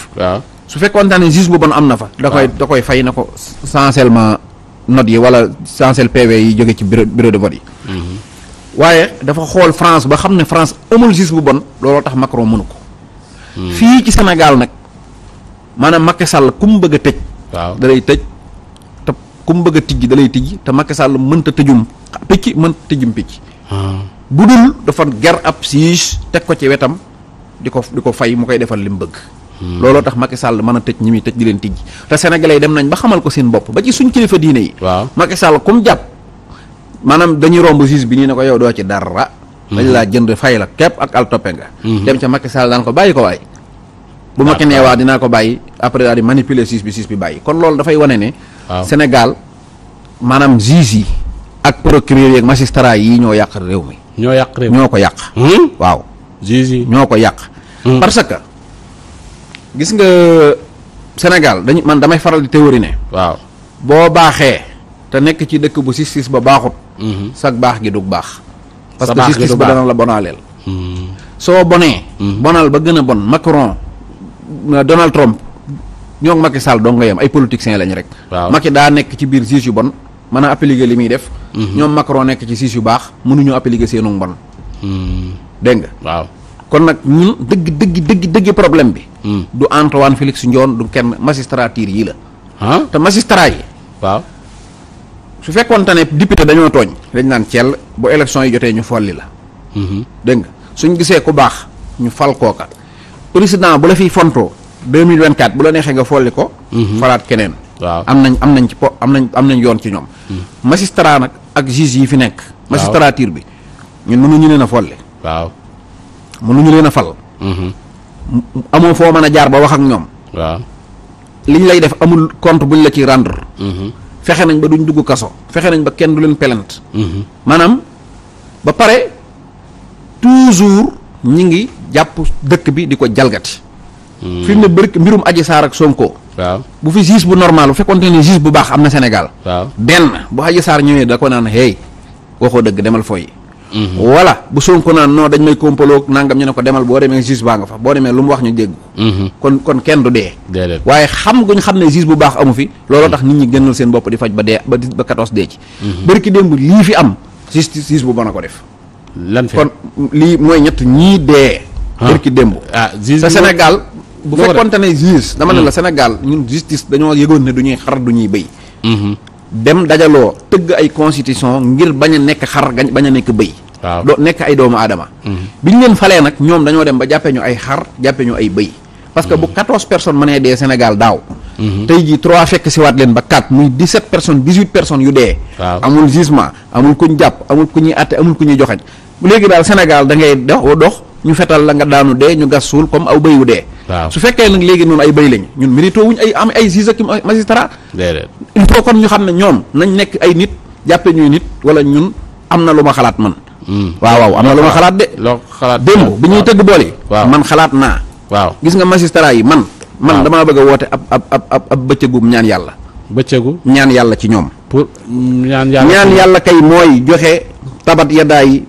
su fekkoon ne juge bu bon am na fa. da koy da koy fay na ko essentiellement notes yi wala essentiel PV yi jóge ci bureau bureau de vote yi. Mhm. waaye dafa xool France ba xam ne France amul juge bu bon looloo tax Macron mënu ko. Mhm. fii ci senegal nag maanaam Macky Sall ku mu bëgg a tëj. waaw da lay tëj. ku mu bëgg a tijji da lay tijji te Macky Sall mënta tëjum picc mënta tëjum picc. Ah. bu dul dafa ger ab siis teg ko ci wetam di ko di ko fay mu koy defal li mu bëgg. Hmm. looloo tax Macky Sall mën a tëj ñi muy tëj di leen tijji te sénégalais yi dem nañ ba xamal ko seen bopp ba ci suñ kilifa diine yi. waaw Macky Sall ku jàpp maanaam dañuy romb siis bi nii ne ko yow doo ci dara. Hmm. dañ laa jënd fay la képp ak al toppe nga. Hmm. dem ca Macky Sall daan ko bàyyi ko waay. bu Macky waa dinaa ko bàyyi après daal di bi bàyyi kon loolu dafay wane ne. Sénégal maanaam juge yi ak procureur yeeg magistrat yi ñoo yàq réew mi. ñoo yàq réew mi ñoo ko yàq. Hmm? waaw juge ñoo ko yàq. Hmm. parce que gis nga Sénégal dañu man damay faral di théorie ne. waaw boo baaxee te nekk ci dëkk bu justice ba baaxut. Hmm. sag baax gi du baax. parce que justice ba dana la bonaaleel. soo bonee. bonal ba gën a bon Macron euh, Donald Trump. ñoo ngi Macky Sall dong nga yem ay politiciens lañ rek. waaw Macky nekk ci biir juge yu bon mën a appliquer li muy def. Mhm. ñoom Macron nekk ci juge yu baax mënuñoo appliquer seenu mbon. Mhm. dégg nga. waaw kon nag ñun dëgg dëgg dëgg dëgg problème bi. Mhm. du Antoine Félix Ndione du kenn magistrature yii la. ah te magistrat yi. waaw su fekkoon ne député dañoo tooñ. dañ naan ceel bu élection yi jotee ñu folli la. dégg nga suñ gisee ku baax ñu fal kooka président bu la fiy fontoo. 2024 bu la neexee nga folli ko. Mhm. falaat keneen. waaw am nañ am nañ ci po am nañ am nañ yoon ci ñoom. Mhm. magistrat nag ak juge yi fi nekk. waaw magistrature bi ñun mënuñu leen a folli. waaw mënuñu leen a fal. Mhm. amoo foo mën a jaar ba wax ak ñoom. waaw liñ lay def amul contre buñ la ci rendre. fexe nañ ba duñ dugg kaso. fexe nañ ba kenn du leen pelent. maanaam ba pare toujours ñi ngi jàpp dëkk bi di ko jalgati. fi mu ne bëri mbirum Adji Sarr ak Sonko. waaw bu fi juge bu normal bu fekkoon ne juge bu baax am na Sénégal. waaw benn bu Adji Sarr ñëwee da ko naan hey waxoo dëgg demal fooy. Mhm. voilà bu Sonko naan non dañ may kompaloo nangam ñu ne ko demal boo demee juge baa nga fa boo demee lu mu wax ñu dégg. Mhm. kon kon kenn du dee. waaye xam guñ xam ne juge bu baax amu fi. looloo tax nit ñi gënal seen bopp di faj ba dee ba di ba quatorze dee ci. Mhm. barki démb lii fi am justice juge bu bon a ko def. lan kon lii mooy ñett ñii dee. barki démb. ah Sénégal. bu fekkonte ne juge dama ne la mm. Sénégal ñun justice dañoo yëgoon ne du ñuy xar du ñuy béy mm-hmm. dem dajaloo tëgg ay constitution ngir bañ a nekk xar bañ a nekk béy waaw doo nekk ay doomu aadama mm-hmm. bi ñu leen falee nag ñoom dañoo dem ba jàppee ñu ay xar jàppee ñu ay béy parce que bu mm-hmm. quatorze ma nee dee Sénégal daaw tey jii trois fekk si waat leen ba quatre muy dix-sept personnes dix-huit personnes yu dee amul jugement amul ku ñu jàpp amul ku ñuy àtte amul ku ñuy joxañ léegi daal Sénégal da ngay dox dox ñu fetal la nga daanu dee ñu gas suul comme aw béy wu dee waaw su fekkee nag léegi noonu ay béy ñun ñun wu wuñ ay am ay juge ak magistrat il faut kon ñu xam ne ñoom nañ nekk ay nit jàppe ñuy nit wala ñun am na lu ma xalaat man hmm. waaw waaw am na lu ma xalaat de loo démb bi ñuy tëgg bool yi man xalaat naa waaw gis nga magistrat yi man man damaa bëgg a woote ab ab ab ab bëccëgum ñaan yàlla bëccëgu ñaan yàlla ci ñoom pour ñaan yàlla kay mooy joxe tabat yaddaa yi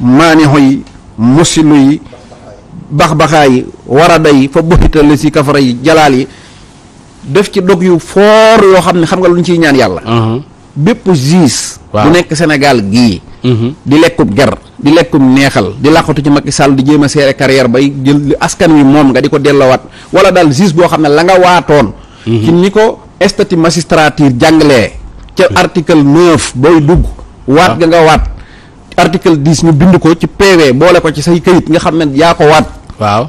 maanixo yi musilu yi baxbaxaa yi warada yi fa boxital si kafara yi jalaal yi def ci dog yu foor yoo xam ne xam nga lu ñu ciy ñaan yàlla uh-huh. bépp gis bu nekk Sénégal gii uh-huh. di lekkub ger di lekkum neexal di làqatu ci Macky Sall di a seere carrière bay jël li askan wi moom nga di ko delloowaat wala daal gis boo xam ne la nga waatoon uh-huh. ci ni ko statut magistrature jàngalee ca article neuf booy dugg waat ga nga waat article dix ñu bind ko ci PV boole ko ci say këyit nga xam ne yaa ko waat waaw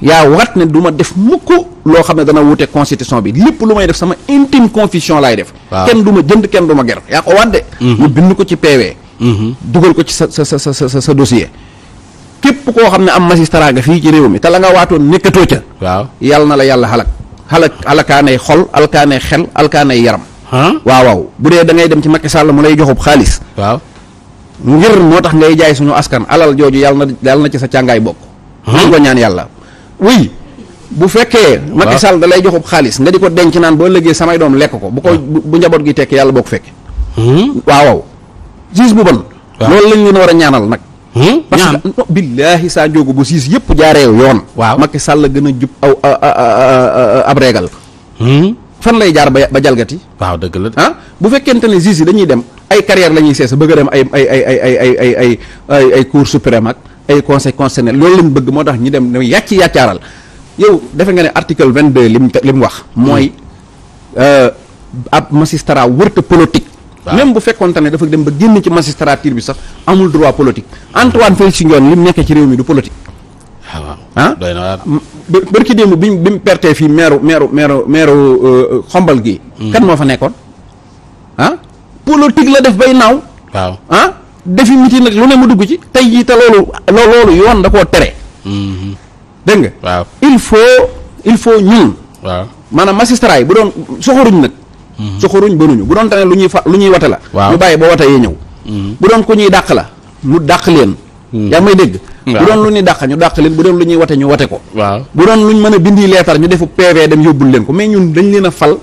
yaa wat ne du ma def mukk loo xam ne dana wute constitution bi lépp lu may def sama intime confusion laay def. kenn du ma jënd kenn du ma ger yaa ko waat de. Mhm. ñu bind ko ci PV. Mhm. dugal ko ci sa sa sa sa sa dossier. képp koo xam ne am magistrat nga fii ci réew mi te la nga waatoon nekkatoo ca. waaw yàlla na la yàlla xalak xalak alakaanay xol alkaanay xel alkaanay yaram. waaw waaw bu dee dangay dem ci Macky Sall mu lay joxub xaalis. waaw ngir moo tax ngay jaay suñu askan alal jooju yàlla na yàlla na ci sa càngaay bokk. dañ ko ñaan yàlla oui bu fekkee Macky Sall lay joxub xaalis nga di ko denc naan boo lëggee samay doom lekk ko bu ko bu njaboot gi tekk yàlla boo ko fekkee hmm? waaw waaw siis bu bon loolu lañ leen war a ñaanal nag hmm? parce que billaahi saa njóogu bu siis yëpp jaareew yoon waaw Macky Sall la gën a jub aw ab reegal hmm? fan lay jaar ba jalgati waaw dëgg la ah bu fekkente ne siis yi dañuy dem ay carrière la ñuy sees bëgg a dem ay ay ay ay ay ay ay ay ay cour suprême ak ay conseil concerné loolu lañ bëgg moo tax ñu dem ne yàcc yàccaaral yow defe nga ne article 22 lim lim wax. mooy euh, ab magistrat wërta politique. même bu fekkoonte ne dafa dem ba génn ci magistrature bi sax amul droit politique Antoine Félix Ndione lim nekkee ci réew mi du politique. ah, ah? doy na waar bërki démb bi bi mu pertee fii meeru meeru meeru meeru xombal gi. Hmm. kan moo fa nekkoon ah politique la def bay naaw. waaw ah? defi miti nag lu ne mu dugg ci tey jii te loolu loolu yoon da koo tere. Mm-hmm. dégg nga. il faut il faut ñun. waaw maanaam magistrat yi bu doon soxoruñ nag. Mm-hmm. soxoruñ bënuñu bu doon tane lu ñuy fa lu ñuy wate la. ñu bàyyi ba wate yee ñëw. Mm-hmm. bu doon ku ñuy dàq la ñu dàq leen. yaa may dégg. bu doon lu ñuy dàq ñu dàq leen bu doon lu ñuy wate ñu wate ko. waaw bu doon luñ mën a bindi leetar ñu defu PV dem yóbbul leen ko mais ñun dañ leen a fal.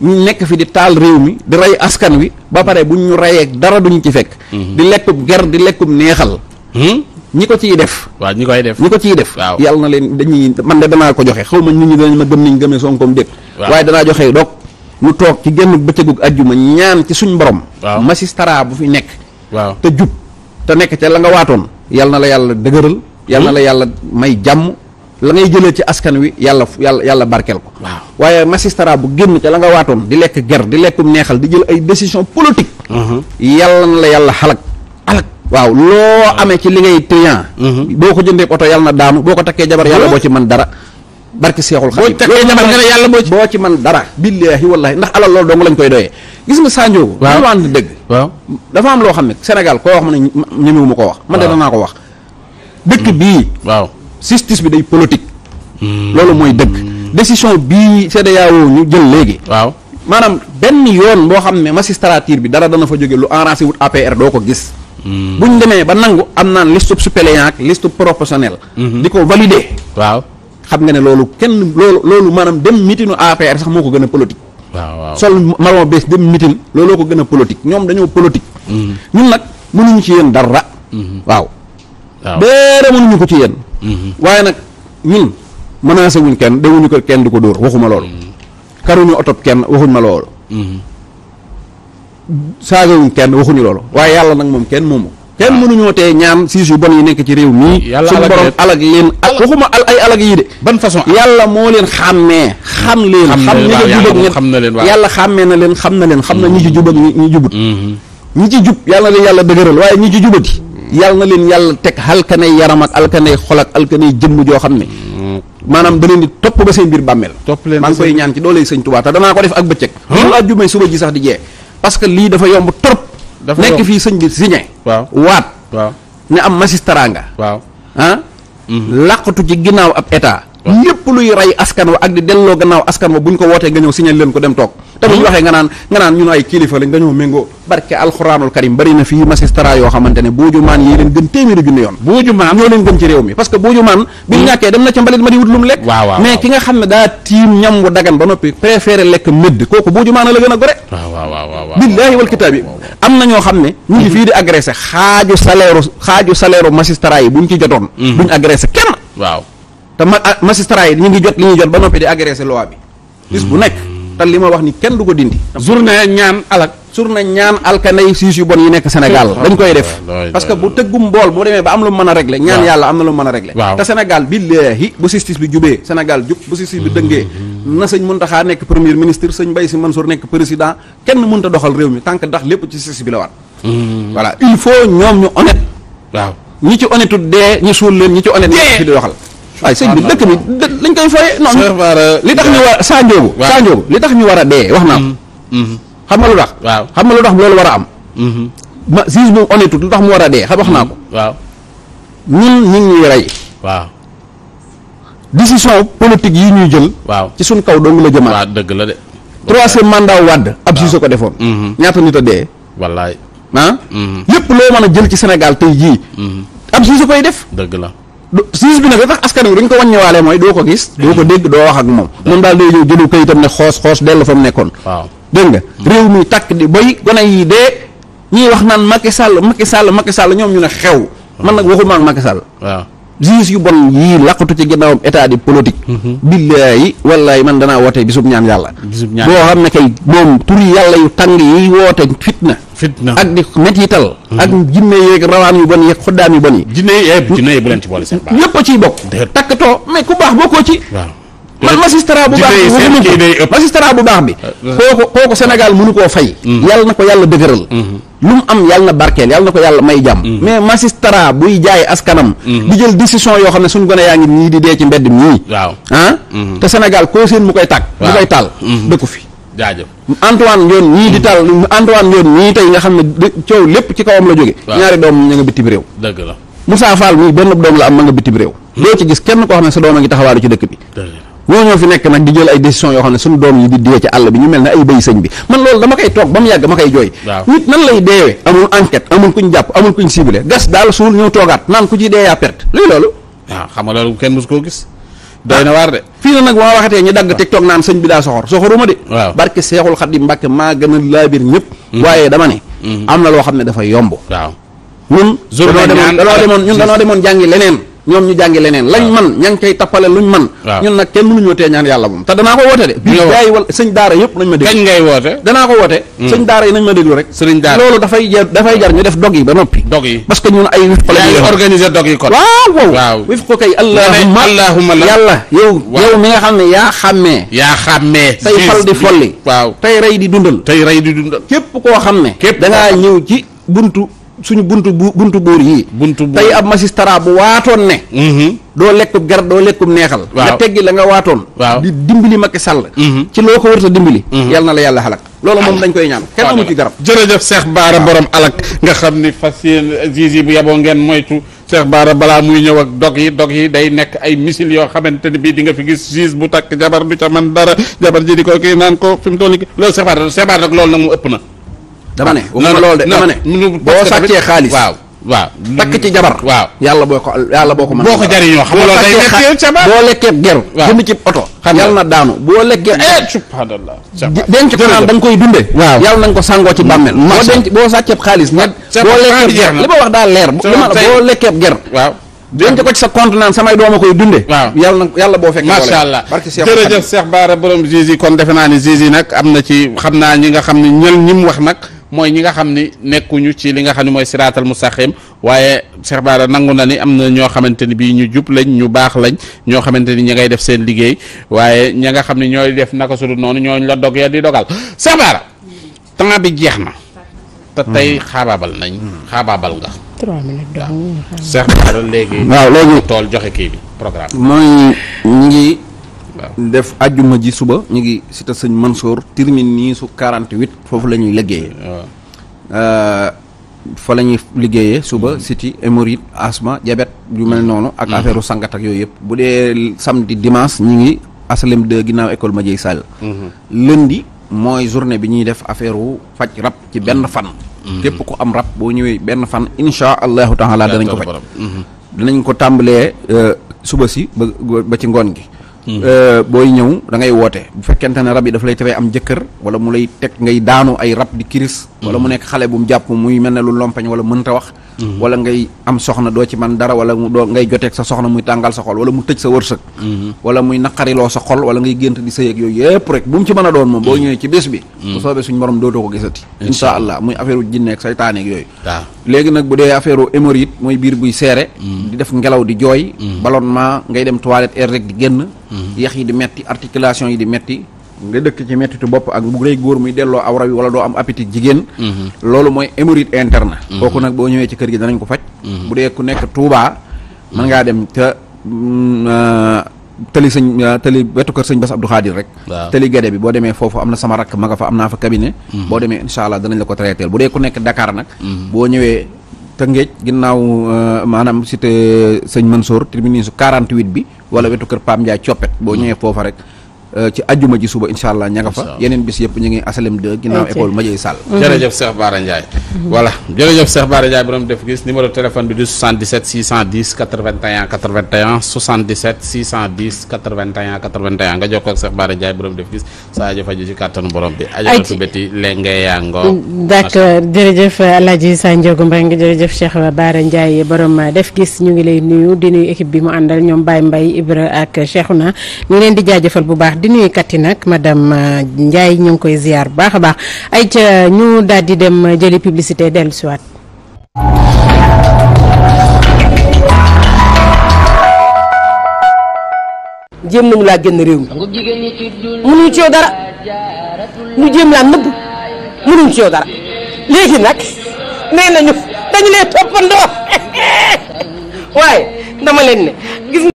ñu nekk fi di taal réew mi di rey askan wi ba pare bu ñu reyee dara duñ ci fekk mhm. di lekkub ger di lekkub neexal hmm? ñi ko ciy def waaw ñi koy def ñi ko ciy def waaw yàlla na leen dañuy man de danaa ko joxe xaw ma nit ñi danañ ma gëm niñ gëmee sonkoom dégg waaye danaa joxe dog ñu toog ci génn bëccëgug ajjuma ñaan ci suñ borom magistrat bu fi nekk waaw te jub te nekk ca la nga waatoon yàlla na la yàlla dëgëral yàlla na hmm? la yàlla may jàmm la ngay jëlee ci askan wi yàlla yàlla yàlla barkeel ko. waaye magistrat bu génn ca la nga waatoon di lekk ger di lekkum neexal di jël ay décision politique. Mhm. yàlla na la yàlla xalak alak waaw loo amee ci li ngay client. Mhm. boo ko jëndee oto yàlla na daanu boo ko takkee jabar yàlla boo ci man dara. barke seexul xarit boo ci man dara billaahi wallaahi ndax alal loolu dong lañ koy doyee gis nga Sa Ndiogou dañu ànd dëgg waaw dafa am loo xam ne Sénégal koo wax ma ne ñemewuma ko wax man de danaa ko wax dëkk mm. bii waaw justice bi day politique. loolu mooy dëgg. décision bii CEDEAO ñu jël léegi. waaw maanaam benn yoon boo xam ne magistrature bi dara dana fa jóge lu enrancé wut APR doo ko gis. Hmm. buñ demee ba nangu am naan liste suppléant ak liste proportionnel. Hmm. di ko valider. waaw xam nga ne loolu kenn loolu loolu maanaam dem mitinu APR sax moo ko gën a politique. waaw waaw sol marron bees dem mitin looloo ko gën a politique ñoom dañoo politique. Hmm. ñun nag mënuñu ci yéen dara. waaw. waaw beere mënuñu ko ci yéen. waaye nag ñun menacé wuñ kenn dewuñu ko kenn di ko dóor waxuma loolu karuñu otob kenn waxuñ ma loolu saagawuñ kenn waxuñu loolu waaye yàlla nag moom kenn moomu kenn mënuñoo tee ñaan siis yu bon yi nekk ci réew mii suñu borom alag leen waxuma al ay alag yii de ban façon yàlla moo leen xàmmee xam leen xam ñi ci jub ak ñi yàlla xàmmee na leen xam na leen xam na ñi ci mm-hmm. jub ak ñi jubut mm-hmm. ñi ci jub yàlla na leen yàlla dëgëral waaye ñi ci jubati yàlla na leen yàlla teg alkanay yaram ak alkanay xol ak alkanay jëmm joo xam ne maanaam da leen di topp ba seen biir bàmmeel maa ngi ñaan ci doole sëñ Tuubaa te ko def ak bëccëg lu àjjuma suba ji sax di jee parce que lii dafa yomb trop nekk fii sëñ bi signé waaw waat waaw ne am masistaraanga waaw ah mhm. làqatu ci ginnaaw ab état lépp luy rey askan wa ak di delloo gannaaw askan wa bu ñu ko wootee nga ñëw signé leen ko dem toog te ñu hmm? waxee nga naan nga naan ñun ay kilifa lañ dañoo méngoo barke alxuraanul karim bari na fii yoo xamante ne buujumaan yi leen gën téeméeri junni yoon buujumaan ñoo leen gën ci réew mi parce que buujumaan bi ñu hmm? ñàkkee dem na ca mbalit ma di wut mu lekk mais ki nga xam ne daa tiim ñam wu dagan ba noppi préféré lekk mëdd kooku buujumaan la gën a gore billaahi wal kitaab yi am na ñoo xam ne ñu ngi hmm? fii di agressé xaaju salaire xaaju salaire magistrat yi ci jotoon duñ agressé kenn ah, yi ñu ngi jot li ñuy jot ba noppi di agressé loi bi te li ma wax ni kenn du ko dindi. journée ñaan alak. journée ñaan alkanay siis yu bon yi nekk Sénégal. dañ koy def parce que bu tëggum mbool bu demee ba am lu mën a régler. ñaan yàlla am na lu mën a régler. te Sénégal billaahi bu jubee Sénégal jub bu justice bi dëngee. Mm-hmm. na sëñ nekk premier ministre sëñ Mbaye Sy Mansour nekk président kenn mënta doxal réew mi tànk ndax lépp ci justice bi la war. Mm-hmm. voilà leen ñi ci honnête. ñi ci doxal waaye sëñ bi dëkk bi dañ koy fooye noonu li tax ñu war saa njóobu saa njóobu li tax ñu war a dee wax naa mm-hmm. Mm-hmm. xam nga lu tax xam nga lu tax loolu war a am mm-hmm. ma juge boobu honnête lu tax mu war a dee xam wax naa ko waaw ñun ñu ngi ñuy rey waaw décision yi ñuy jël waaw ci suñ kaw dong la jëmaat dëgg la de troisième mandat Wade ab juge ko defoon ñaata nit a dee wallaay ah lépp loo mën a jël ci senegal tey jii ab juge koy def dëgg la siis bi nag li tax askan wi duñ ko wàññiwaale mooy doo ko gis doo ko dégg doo wax ak moom moom daal day ñëw jëlu kayitam ne xoos xoos dellu fa mu nekkoon waaw dégg nga hmm. réew mi tàkk di bay gone yi dee ñiy wax naan Macky Sall Macky Sall Macky Sall ñoom ñu ne xew hmm. man nag waxuma ak Macky Sall waaw juge yu bon yii laqatu ci ginnaawam état di politique. Mhm. billaahi wallaahi man danaa woote bisub ñaan yàlla. bisub ñaan boo xam ne kay moom turi yàlla yu tàng yi woote fitna. fitna ak di mettital mhm. ak jinne yeeg rawaan yu bon yeeg xoddaam yu bon yi. jinne yi bu leen ci boole seen baax. ñëpp a ciy bokk. takkatoo mais ku baax bokkoo ci. man magistrat bu baax bi magistrat bu baax bi euh, kooku euh. kooku mënu koo fay mm-hmm. yàlla na ko yàlla dëgëral mm-hmm. lu mu am yàlla na barkeel yàlla na ko yàlla may jàmm mm-hmm. mais magistrat buy jaay askanam di jël décision yoo xam ne su suñ gone yaa ngi nii di dee ci mbedd mii waaw ah te Sénégal koo seen mu koy tàkk mu koy taal dëkku fi jaajëf Antoine Ndione ñii di taal Antoine Ndione ñii tey nga xam ne coow lépp ci kawam la jóge ñaari doom ña nga bitim réew dëgg la Moussa Fall mii benn doom la am ma nga bitim réew hmm. doo kenn koo xam ne sa doom a ngi taxawaalu ci dëkk ñoo ñoo fi nekk nag di jël ay décision yoo xam ne suñu doom yi di dee ci àll bi ñu mel ne ay béy sëñ bi man loolu dama koy toog ba mu yàgg ma koy jooy nit nan lay deewee amul enquête amul kuñ jàpp amul kuñ ciblé gas daal suul ñëw toogaat naan ku ci dee yaa luy loolu waaw ah, xam loolu kenn mos koo gis doy na waar de ah, fii na nag waa waxatee ñu dagg ah. TikTok naan sëñ bi daa soxor soxoruma de waaw barke Seexul Xadiim Mbàkke maa gën a laabir ñëpp mm-hmm. dama ne mm-hmm. am na loo xam ne dafa yomb waaw ñun danoo demoon danoo demoon ñun demoon jàngi leneen ñoom ñu jàngi leneen lañ man ña ngi koy tappale luñ man ñun nag kenn mënuñoo tee ñaan yàlla moom te danaa ko woote de bi daay wala sëñ daara yëpp nañ ma déglu kañ ngay woote danaa ko woote hmm. sëñ yi nañ ma déglu rek loolu dafay jar dafay ñu def dog yi ba noppi dog que ñun ay wif ko lañuy organiser dog yi kon waaw waaw wif ko kay allahumma allahumma yàlla yow yow mi nga xam ne yaa xàmmee yaa xàmmee say fal di folli waaw tey rey di dundal tey rey di dundal képp koo xam ne dangaa ñëw ci buntu suñu buntu bu buntu buur yii. buntu buur tey ab magistrat bu waatoon ne. Mm-hmm. doo lekkub garab doo lekkub neexal. nga teggi la nga waatoon. waaw di dimbali Macky Sall. Mm-hmm. ci loo ko warta dimbali. Mm-hmm. yàlla na la yàlla xalak loolu moom dañ koy ñaan kenn amu ci garab. jërëjëf Cheikh Bara borom alak nga xam ni fas yéen zizi bu yaboo ngeen moytu. Cheikh Bara balaa muy ñëw ak dog yi dog yi day nekk ay missiles yoo xamante ni bii di nga fi gis gis bu takk jabar du ca man dara jabar ji di ko kii ëpp na dama ne waxuma loolu boo sàccee xaalis waaw waaw takk ci jabar waaw yàlla boo ko yàlla boo ko mën boo ko jariñoo xam loolu day nekk jabar boo ger na daanu boo lekkee eh subhanallah denc ko naan da nga na ko sàngoo ci bàmmeel boo denc boo xaalis nag boo lekkee li ma wax daal leer dama boo lekkee ger waaw denc ko ci sa compte naan samay doom a koy dunde waaw yàlla na yàlla boo fekk macha allah jërëjëf Cheikh Bara borom Zizi kon defe naa ni Zizi nag am na ci xam naa ñi nga xam ne ñël ñi mu wax nag mooy ñi nga xam ni nekkuñu ci li nga xam ni mooy siraatal mustaqim waaye Cheikh Bara nangu na ni am na ñoo xamante ni bii ñu jub lañ ñu baax lañ ñoo xamante ni ña ngay def seen liggéey waaye ña nga xam ni ñooy def naka su dul noonu ñooñ la dog ya di dogal Cheikh Bara temps bi jeex na te tey hmm. xaabaabal nañ hmm. xaabaabal nga Cheikh Bara léegi waaw léegi tool joxe kii bi programme def ajjuma ji suba ñu ngi cité sëñ Mansour termine nii su 48 foofu la ñuy liggéeyee. Euh, fa la ñuy liggéeyee suba siti mm-hmm. hémorroïde asthme jabet yu mel noonu. ak mm-hmm. affaire sangat yooyu yëpp. bu dee samedi dimanche ñu ngi asalem de ginnaaw école Madiaye Sall. Mm-hmm. lundi mooy journée bi ñuy def affaire wu faj rab ci benn fan. képp ku am rab boo ñëwee benn fan insha allahu taala danañ ko faj. danañ ko tàmbalee euh, suba si ba ba ci ngoon gi. Mm-hmm. Euh, booy ñëw da ngay woote bu fekkente ne rab yi dafa lay teree am jëkkër wala mu lay teg ngay daanu ay rab di kiris mm-hmm. wala mu nekk xale bu mu jàpp muy mel na lu lompañ wala mënta wax mm-hmm. wala ngay am soxna doo ci man dara wala mu doo ngay joteeg sa soxna muy tàngal sa xol wala mu tëj sa wërsëg wala muy naqariloo sa xol wala ngay gént di sa yëg yooyu yëpp rek bu mu ci man a doon moom boo ñëwee ci bés bi bu soobee suñ borom dootoo ko gisati incha muy affaire u jinneeg yooyu waaw léegi nag bu dee affaire u mooy biir buy seere di def ngelaw di jooy ballonnement ngay dem toilette air rek génn yax yi di metti articulation yi di metti nga dëkk ci mettitu bopp ak bu rëy góor muy delloo aw raw yi wala doo am appétit jigéen mhm. loolu mooy hémorroïde interne mhm. kooku nag boo ñëwee ci kër gi danañ ko faj mhm. bu dee ku nekk Touba mën ngaa dem ca mm, euh, tëli sëñ euh, tëli wetu kër sëñ Bass Abdou Khadir rek tëli gede bi boo demee foofu am na sama rakk ma nga fa am naa fa cabinet boo demee incha allah danañ la ko traiteel bu dee nekk Dakar nag boo ñëwee Tëngéej ginnaaw euh, maanaam cité sëñ Mansour terminus 48 bi wala wetu kër Pam Ndiaye coppet boo ñëwee foofa rek Euh, ci ajjuma ji suba incha allah ña nga fa yeneen bis yëpp ñu ngi asalem 2 ginnaaw école Madiaye Sall mm-hmm. jërëjëf Cheikh Bara Ndiaye mm-hmm. voilà jërëjëf Cheikh Bara Ndiaye borom def gis numéro téléphone bi sa aajo faju ci kàttanu borom bi ajatu béti léngee yaa ngoo d'accord jërëjëf Alaaji Sa Ndiogou Mbengue jërëjëf Cheikh Bara Ndiaye borom def gis ñu ngi lay nuyu di nuyu bi mu àndal ñoom Baye Mbaye Ibra ak Cheikhouna ñu ngi leen di jaajëfal bu baax di nuyukat yi nag madame euh, Ndiaye ñoo ngi koy ziar bu baax a baax ay ca ñu daal di dem jëli publicité dellu siwaat jéem nañu laa génn réew mi mënuñu ci yow dara ñu jéem laa nëbb mënuñu ci yow dara léegi nag nee nañu dañu lay toppandoo waaye dama leen ne gis